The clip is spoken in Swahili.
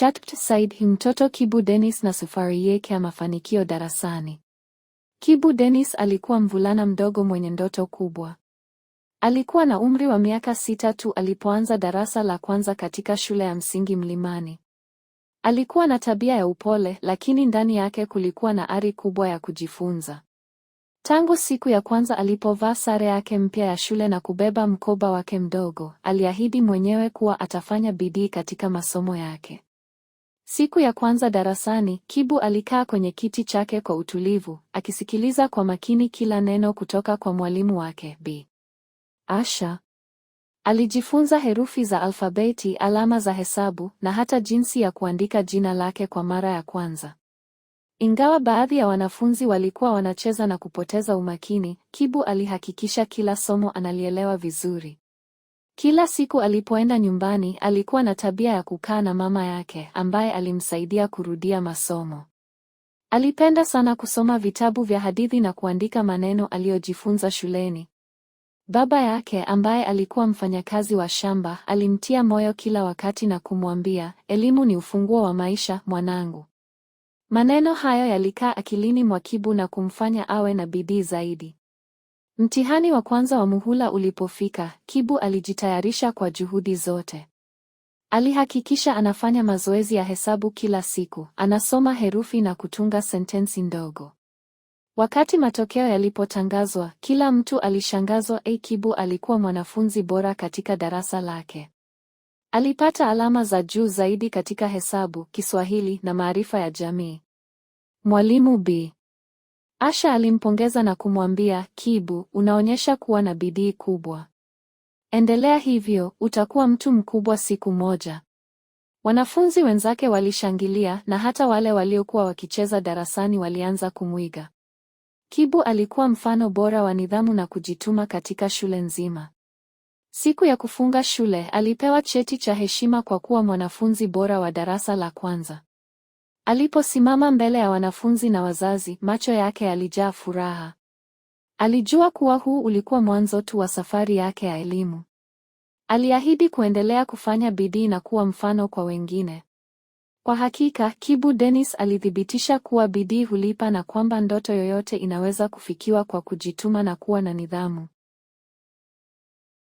Chatt Said mtoto Kibu Dennis na safari yake ya mafanikio darasani. Kibu Dennis alikuwa mvulana mdogo mwenye ndoto kubwa. Alikuwa na umri wa miaka sita tu alipoanza darasa la kwanza katika shule ya msingi Mlimani. Alikuwa na tabia ya upole, lakini ndani yake kulikuwa na ari kubwa ya kujifunza. Tangu siku ya kwanza alipovaa sare yake mpya ya shule na kubeba mkoba wake mdogo, aliahidi mwenyewe kuwa atafanya bidii katika masomo yake. Siku ya kwanza darasani, Kibu alikaa kwenye kiti chake kwa utulivu, akisikiliza kwa makini kila neno kutoka kwa mwalimu wake Bi. Asha. Alijifunza herufi za alfabeti, alama za hesabu na hata jinsi ya kuandika jina lake kwa mara ya kwanza. Ingawa baadhi ya wanafunzi walikuwa wanacheza na kupoteza umakini, Kibu alihakikisha kila somo analielewa vizuri. Kila siku alipoenda nyumbani alikuwa na tabia ya kukaa na mama yake ambaye alimsaidia kurudia masomo. Alipenda sana kusoma vitabu vya hadithi na kuandika maneno aliyojifunza shuleni. Baba yake ambaye alikuwa mfanyakazi wa shamba alimtia moyo kila wakati na kumwambia, elimu ni ufunguo wa maisha, mwanangu. Maneno hayo yalikaa akilini mwa Kibu na kumfanya awe na bidii zaidi. Mtihani wa kwanza wa muhula ulipofika, Kibu alijitayarisha kwa juhudi zote. Alihakikisha anafanya mazoezi ya hesabu kila siku, anasoma herufi na kutunga sentensi ndogo. Wakati matokeo yalipotangazwa, kila mtu alishangazwa. a Kibu alikuwa mwanafunzi bora katika darasa lake. Alipata alama za juu zaidi katika hesabu, Kiswahili na maarifa ya jamii. Mwalimu B Asha alimpongeza na kumwambia, Kibu, unaonyesha kuwa na bidii kubwa. Endelea hivyo, utakuwa mtu mkubwa siku moja. Wanafunzi wenzake walishangilia na hata wale waliokuwa wakicheza darasani walianza kumwiga. Kibu alikuwa mfano bora wa nidhamu na kujituma katika shule nzima. Siku ya kufunga shule, alipewa cheti cha heshima kwa kuwa mwanafunzi bora wa darasa la kwanza. Aliposimama mbele ya wanafunzi na wazazi, macho yake yalijaa furaha. Alijua kuwa huu ulikuwa mwanzo tu wa safari yake ya elimu. Aliahidi kuendelea kufanya bidii na kuwa mfano kwa wengine. Kwa hakika, Kibu Dennis alithibitisha kuwa bidii hulipa na kwamba ndoto yoyote inaweza kufikiwa kwa kujituma na kuwa na nidhamu.